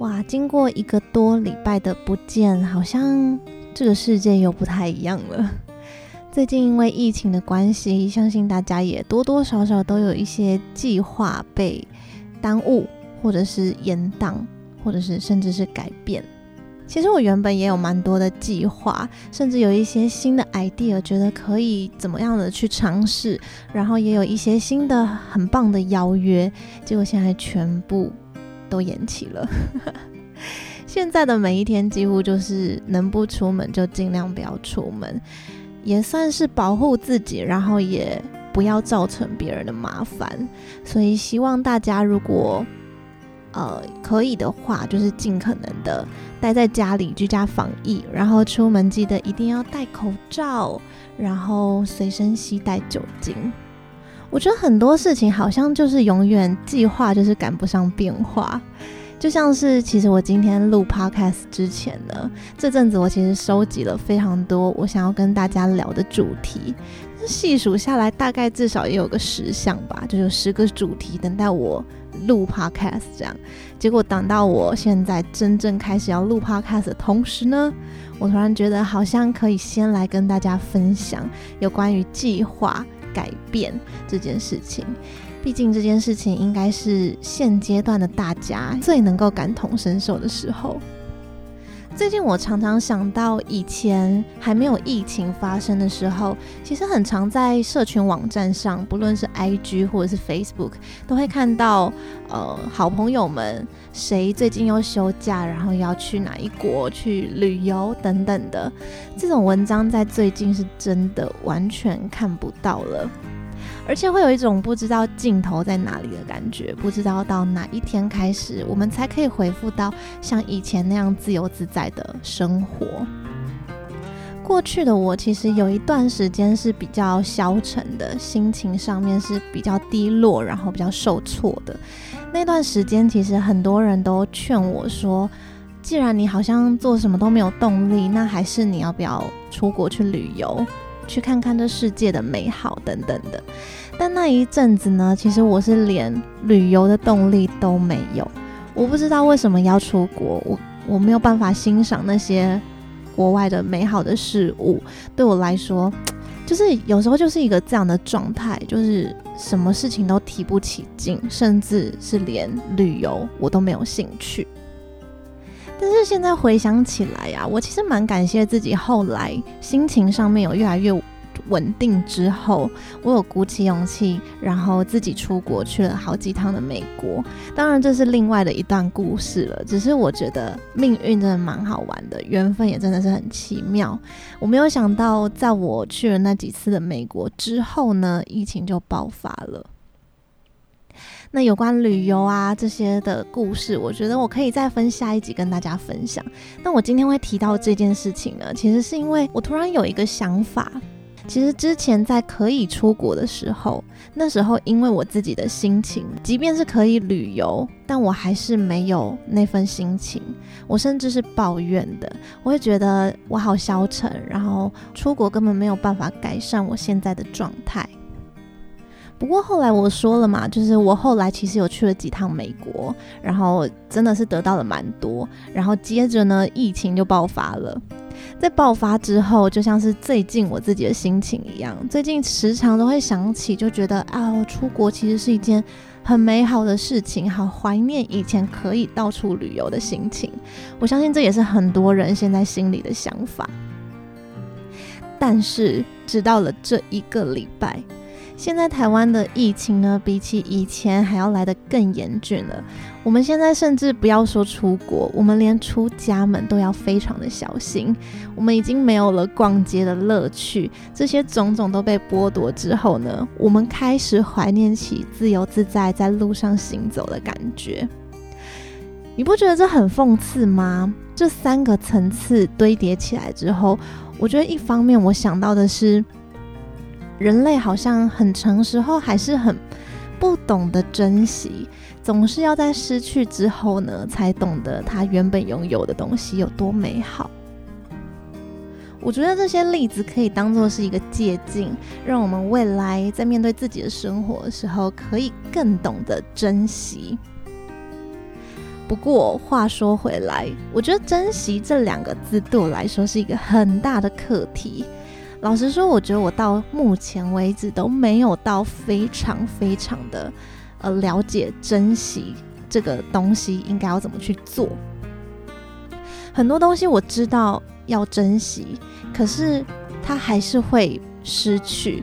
哇，經過一個多禮拜的不見，好像這個世界又不太一樣了。最近因為疫情的關係，相信大家也多多少少都有一些計劃被耽誤，或者是延宕，或者是甚至是改變。其實我原本也有蠻多的計劃，甚至有一些新的 idea，覺得可以怎麼樣的去嘗試，然後也有一些新的很棒的邀約，結果現在全部都延期了， 現在的每一天幾乎就是能不出門就儘量不要出門，也算是保護自己，然後也不要造成別人的麻煩。所以希望大家如果呃可以的話，就是盡可能的待在家裡居家防疫，然後出門記得一定要戴口罩，然後隨身攜帶酒精。我覺得很多事情好像就是永遠計劃就是趕不上變化，就像是其實我今天錄 podcast 之前呢，這陣子我其實收集了非常多我想要跟大家聊的主題，細數下來大概至少也有個十項吧，就有十個主題等待我錄 podcast 這樣。結果等到我現在真正開始要錄 podcast 的同時呢，我突然覺得好像可以先來跟大家分享有關於計劃。改變這件事情，畢竟這件事情應該是現階段的大家最能夠感同身受的時候。最近我常常想到以前還沒有疫情發生的時候，其實很常在社群網站上，不論是 IG 或者是 Facebook，都會看到，呃，好朋友們誰最近又休假，然後要去哪一國去旅遊等等的，這種文章在最近是真的完全看不到了。而且會有一種不知道盡頭在哪裡的感覺，不知道到哪一天開始，我們才可以恢復到像以前那樣自由自在的生活。過去的我其實有一段時間是比較消沉的，心情上面是比較低落，然後比較受挫的。那段時間其實很多人都勸我說，既然你好像做什麼都沒有動力，那還是你要不要出國去旅遊？去看看，這世界的美好等等的，但那一陣子呢，其實我是連旅遊的動力都沒有。我不知道為什麼要出國，我我沒有辦法欣賞那些國外的美好的事物。對我來說，就是有時候就是一個這樣的狀態，就是什麼事情都提不起勁，甚至是連旅遊我都沒有興趣。但是現在回想起來啊，我其實蠻感謝自己，後來心情上面有越來越穩定之後，我有鼓起勇氣，然後自己出國去了好幾趟的美國。當然這是另外的一段故事了。只是我覺得命運真的蠻好玩的，緣分也真的是很奇妙。我沒有想到，在我去了那幾次的美國之後呢，疫情就爆發了。那有關旅遊啊這些的故事，我覺得我可以再分下一集跟大家分享。那我今天會提到這件事情呢，其實是因為我突然有一個想法。其實之前在可以出國的時候，那時候因為我自己的心情，即便是可以旅遊，但我還是沒有那份心情。我甚至是抱怨的，我會覺得我好消沉，然後出國根本沒有辦法改善我現在的狀態。不過後來我說了嘛，就是我後來其實有去了幾趟美國，然後真的是得到了蠻多。然後接着呢，疫情就爆發了。在爆發之後，就像是最近我自己的心情一樣，最近時常都會想起，就覺得啊，我出國其實是一件很美好的事情，好懷念以前可以到處旅遊的心情。我相信這也是很多人現在心裡的想法。但是，直到了這一個禮拜。現在台灣的疫情呢，比起以前還要來得更嚴峻了。我們現在甚至不要說出國，我們連出家門都要非常的小心。我們已經沒有了逛街的樂趣，這些種種都被剝奪之後呢，我們開始懷念起自由自在在路上行走的感覺。你不覺得這很諷刺嗎？這三個層次堆疊起來之後，我覺得一方面我想到的是，人類好像很成熟後，還是很不懂得珍惜，總是要在失去之後呢，才懂得他原本擁有的東西有多美好。我覺得這些例子可以當做是一個借鏡，讓我們未來在面對自己的生活的時候，可以更懂得珍惜。不過話說回來，我覺得“珍惜”這兩個字對我來說是一個很大的課題。老實說，我覺得我到目前為止都沒有到非常非常的，呃，了解珍惜這個東西應該要怎麼去做。很多東西我知道要珍惜，可是它還是會失去。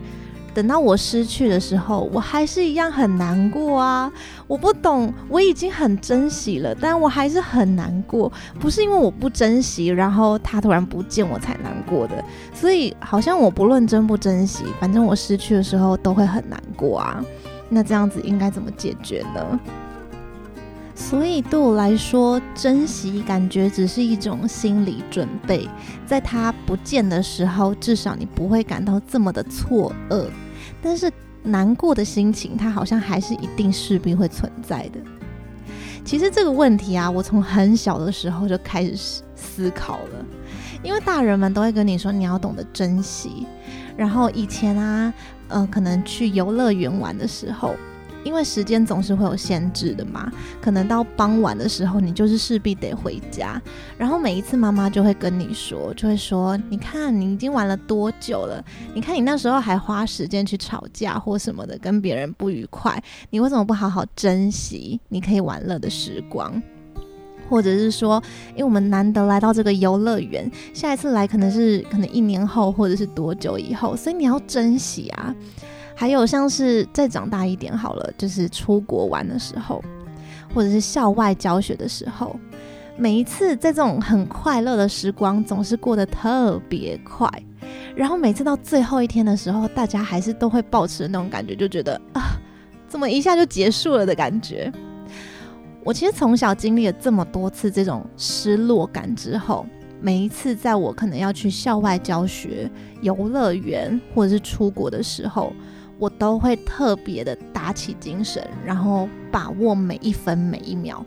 等到我失去的時候，我還是一樣很難過啊！我不懂，我已經很珍惜了，但我還是很難過，不是因為我不珍惜，然後他突然不見我才難過的。所以好像我不論珍不珍惜，反正我失去的時候都會很難過啊。那這樣子應該怎麼解決呢？所以對我來說，珍惜感覺只是一種心理準備，在他不見的時候，至少你不會感到這麼的錯愕。但是難過的心情，它好像還是一定勢必會存在的。其實這個問題啊，我從很小的時候就開始思考了，因為大人們都會跟你說，你要懂得珍惜。然後以前啊，嗯、呃，可能去遊樂園玩的時候。因為時間總是會有限制的嘛，可能到傍晚的時候，你就是勢必得回家。然後每一次媽媽就會跟你說，就會說：“你看你已經玩了多久了？你看你那時候還花時間去吵架或什麼的，跟別人不愉快，你為什麼不好好珍惜你可以玩樂的時光？或者是說，因為我們難得來到這個遊樂園，下一次來可能是可能一年後或者是多久以後，所以你要珍惜啊。”還有像是再長大一點好了，就是出國玩的時候，或者是校外教學的時候，每一次在這種很快樂的時光，總是過得特別快。然後每次到最後一天的時候，大家還是都會抱持那種感覺，就覺得啊，怎麼一下就結束了的感覺。我其實從小經歷了這麼多次這種失落感之後，每一次在我可能要去校外教學、遊樂園或者是出國的時候，我都會特別的打起精神，然後把握每一分每一秒，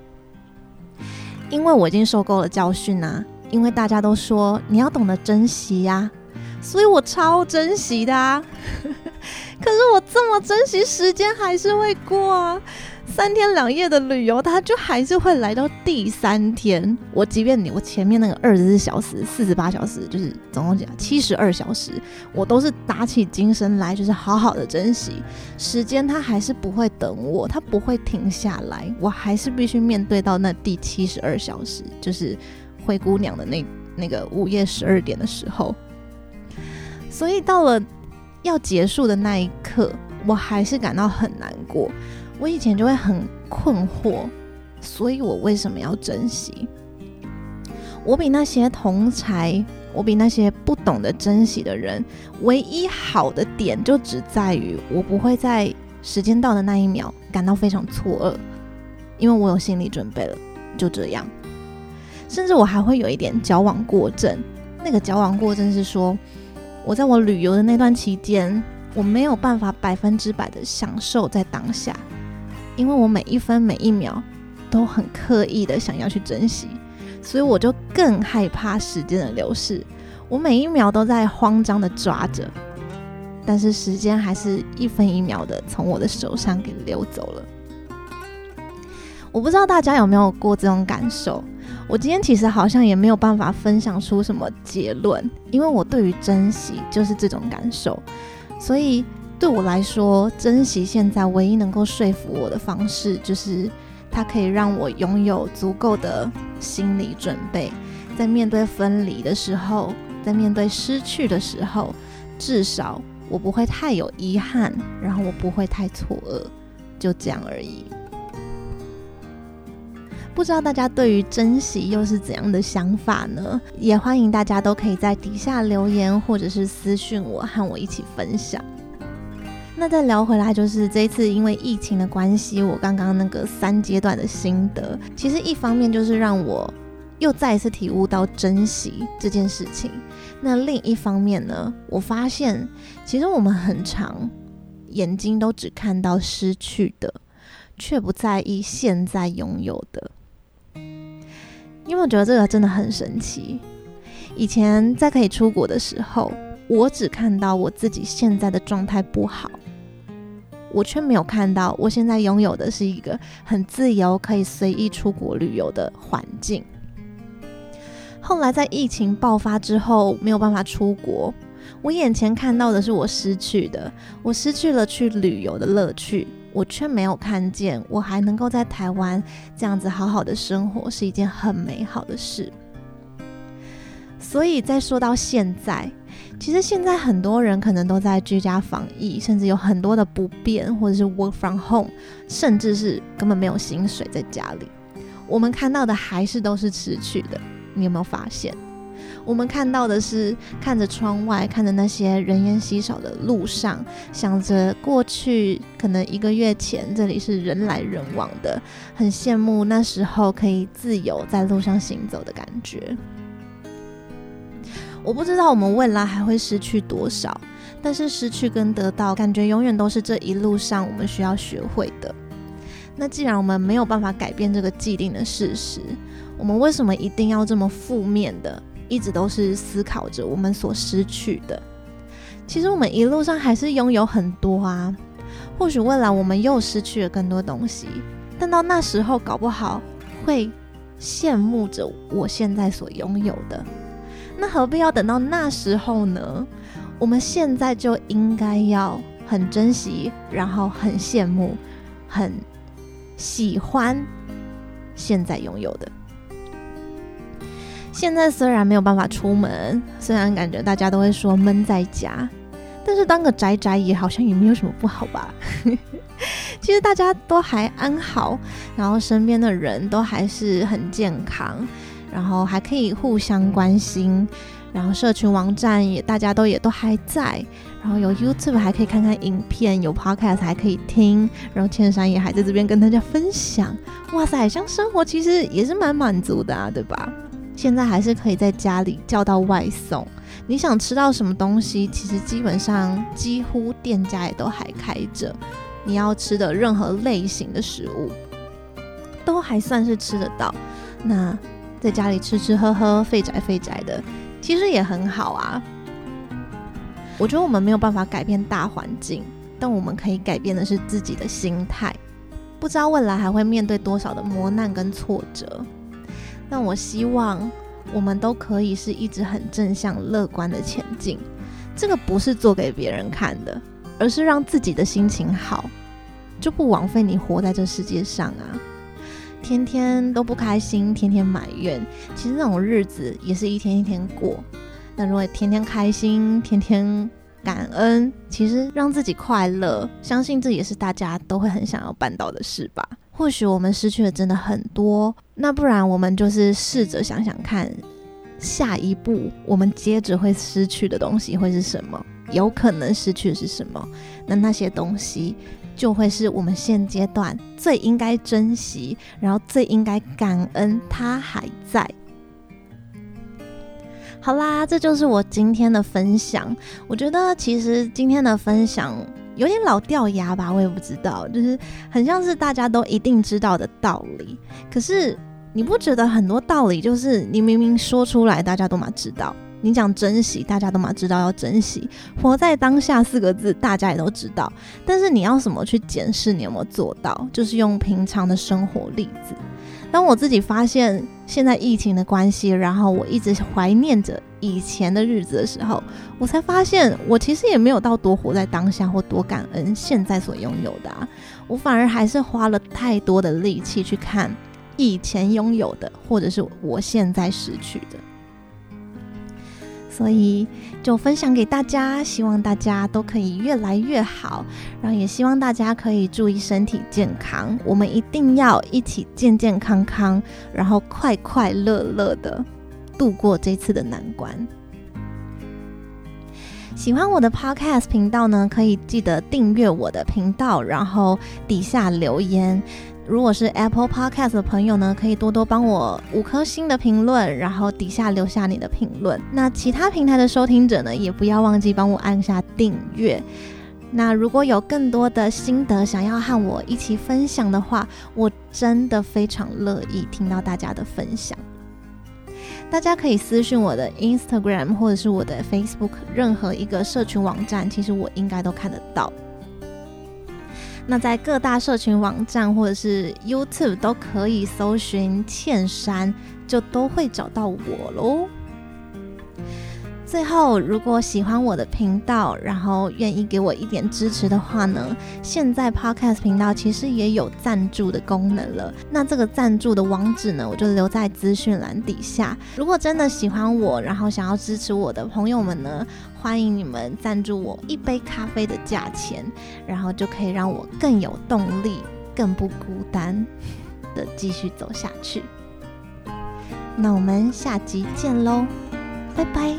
因為我已經受夠了教訓啊！因為大家都說你要懂得珍惜呀，啊，所以我超珍惜的啊！ 可是我這麼珍惜時間，還是會過啊。三天兩夜的旅遊，他就還是會來到第三天。我即便你我前面那個二十四小時、四十八小時，就是總共講七十二小時，我都是打起精神來，就是好好的珍惜，時間他還是不會等我，他不會停下來，我還是必須面對到那第七十二小時，就是灰姑娘的那那個午夜十二點的時候。所以到了要結束的那一刻，我還是感到很難過。我以前就會很困惑，所以我為什麼要珍惜？我比那些同儕，我比那些不懂得珍惜的人，唯一好的點就只在於，我不會在時間到的那一秒感到非常錯愕，因為我有心理準備了，就這樣。甚至我還會有一點矯枉過正，那個矯枉過正是說，我在我旅遊的那段期間，我沒有辦法百分之百的享受在當下。因為我每一分每一秒都很刻意的想要去珍惜，所以我就更害怕時間的流逝。我每一秒都在慌張的抓着，但是時間還是一分一秒的從我的手上給溜走了。我不知道大家有沒有過這種感受。我今天其實好像也沒有辦法分享出什麼結論，因為我對於珍惜就是這種感受，所以。對我來說，珍惜現在唯一能夠說服我的方式，就是它可以讓我擁有足夠的心理準備，在面對分離的時候，在面對失去的時候，至少我不會太有遺憾，然後我不會太錯愕，就這樣而已。不知道大家對於珍惜又是怎樣的想法呢？也歡迎大家都可以在底下留言，或者是私訊我，和我一起分享。那再聊回來，就是這一次因為疫情的關係，我剛剛那個三階段的心得，其實一方面就是讓我又再一次體悟到珍惜這件事情。那另一方面呢，我發現其實我們很常眼睛都只看到失去的，卻不在意現在擁有的。因為我覺得這個真的很神奇。以前在可以出國的時候，我只看到我自己現在的狀態不好。我卻沒有看到，我現在擁有的是一個很自由、可以隨意出國旅遊的環境。後來在疫情爆發之後，沒有辦法出國，我眼前看到的是我失去的，我失去了去旅遊的樂趣。我卻沒有看見，我還能夠在台灣這樣子好好的生活，是一件很美好的事。所以，再說到現在。其實現在很多人可能都在居家防疫，甚至有很多的不便，或者是 work from home，甚至是根本沒有薪水在家裡。我們看到的還是都是失去的。你有沒有發現？我們看到的是看着窗外，看着那些人煙稀少的路上，想着過去可能一個月前這裡是人來人往的，很羨慕那時候可以自由在路上行走的感覺。我不知道我們未來還會失去多少，但是失去跟得到，感覺永遠都是這一路上我們需要學會的。那既然我們沒有辦法改變這個既定的事實，我們為什麼一定要這麼負面的，一直都是思考着我們所失去的？其實我們一路上還是擁有很多啊。或許未來我們又失去了更多東西，但到那時候，搞不好會羨慕着我現在所擁有的。那何必要等到那時候呢？我們現在就應該要很珍惜，然後很羨慕，很喜歡現在擁有的。現在雖然沒有辦法出門，雖然感覺大家都會說悶在家，但是當個宅宅也好像也沒有什麼不好吧。 其實大家都還安好，然後身邊的人都還是很健康。然後還可以互相關心，然後社群網站也大家都也都還在，然後有 YouTube 還可以看看影片，有 Podcast 還可以聽，然後茜珊也還在這邊跟大家分享。哇塞，像生活其實也是蠻滿足的啊，對吧？現在還是可以在家裡叫到外送，你想吃到什麼東西，其實基本上幾乎店家也都還開着，你要吃的任何類型的食物，都還算是吃得到。那。在家裡吃吃喝喝，廢宅廢宅的，其實也很好啊。我覺得我們沒有辦法改變大環境，但我們可以改變的是自己的心態。不知道未來還會面對多少的磨難跟挫折，但我希望我們都可以是一直很正向、樂觀的前進。這個不是做給別人看的，而是讓自己的心情好，就不枉費你活在這世界上啊。天天都不開心，天天埋怨，其實那種日子也是一天一天過。那如果天天開心，天天感恩，其實讓自己快樂，相信這也是大家都會很想要辦到的事吧？或許我們失去了真的很多，那不然我們就是試着想想看，下一步我們接着會失去的東西會是什麼？有可能失去的是什麼？那那些東西。就會是我們現階段最應該珍惜，然後最應該感恩他還在。好啦，這就是我今天的分享。我覺得其實今天的分享有點老掉牙吧，我也不知道，就是很像是大家都一定知道的道理。可是你不覺得很多道理就是你明明說出來，大家都蠻知道。你講珍惜，大家都嘛知道要珍惜，活在當下四個字，大家也都知道。但是你要怎麼去檢視？你有沒有做到？就是用平常的生活例子。當我自己發現現在疫情的關係，然後我一直懷念着以前的日子的時候，我才發現我其實也沒有到多活在當下或多感恩現在所擁有的啊。我反而還是花了太多的力氣去看以前擁有的，或者是我現在失去的。所以就分享給大家，希望大家都可以越來越好。然後也希望大家可以注意身體健康，我們一定要一起健健康康，然後快快樂樂的度過這次的難關。喜歡我的 Podcast 頻道呢，可以記得訂閱我的頻道，然後底下留言。如果是 Apple Podcast 的朋友呢，可以多多幫我五顆星的評論，然後底下留下你的評論。那其他平台的收聽者呢，也不要忘記幫我按下訂閱。那如果有更多的心得想要和我一起分享的話，我真的非常樂意聽到大家的分享。大家可以私信我的 Instagram 或者是我的 Facebook，任何一個社群網站，其實我應該都看得到。那在各大社群網站或者是 YouTube 都可以搜尋“茜珊”，就都會找到我嘍。最後，如果喜歡我的頻道，然後願意給我一點支持的話呢，現在 podcast 頻道其實也有贊助的功能了。那這個贊助的網址呢，我就留在資訊欄底下。如果真的喜歡我，然後想要支持我的朋友們呢，歡迎你們贊助我一杯咖啡的價錢，然後就可以讓我更有動力，更不孤單的繼續走下去。那我們下集見嘍，拜拜。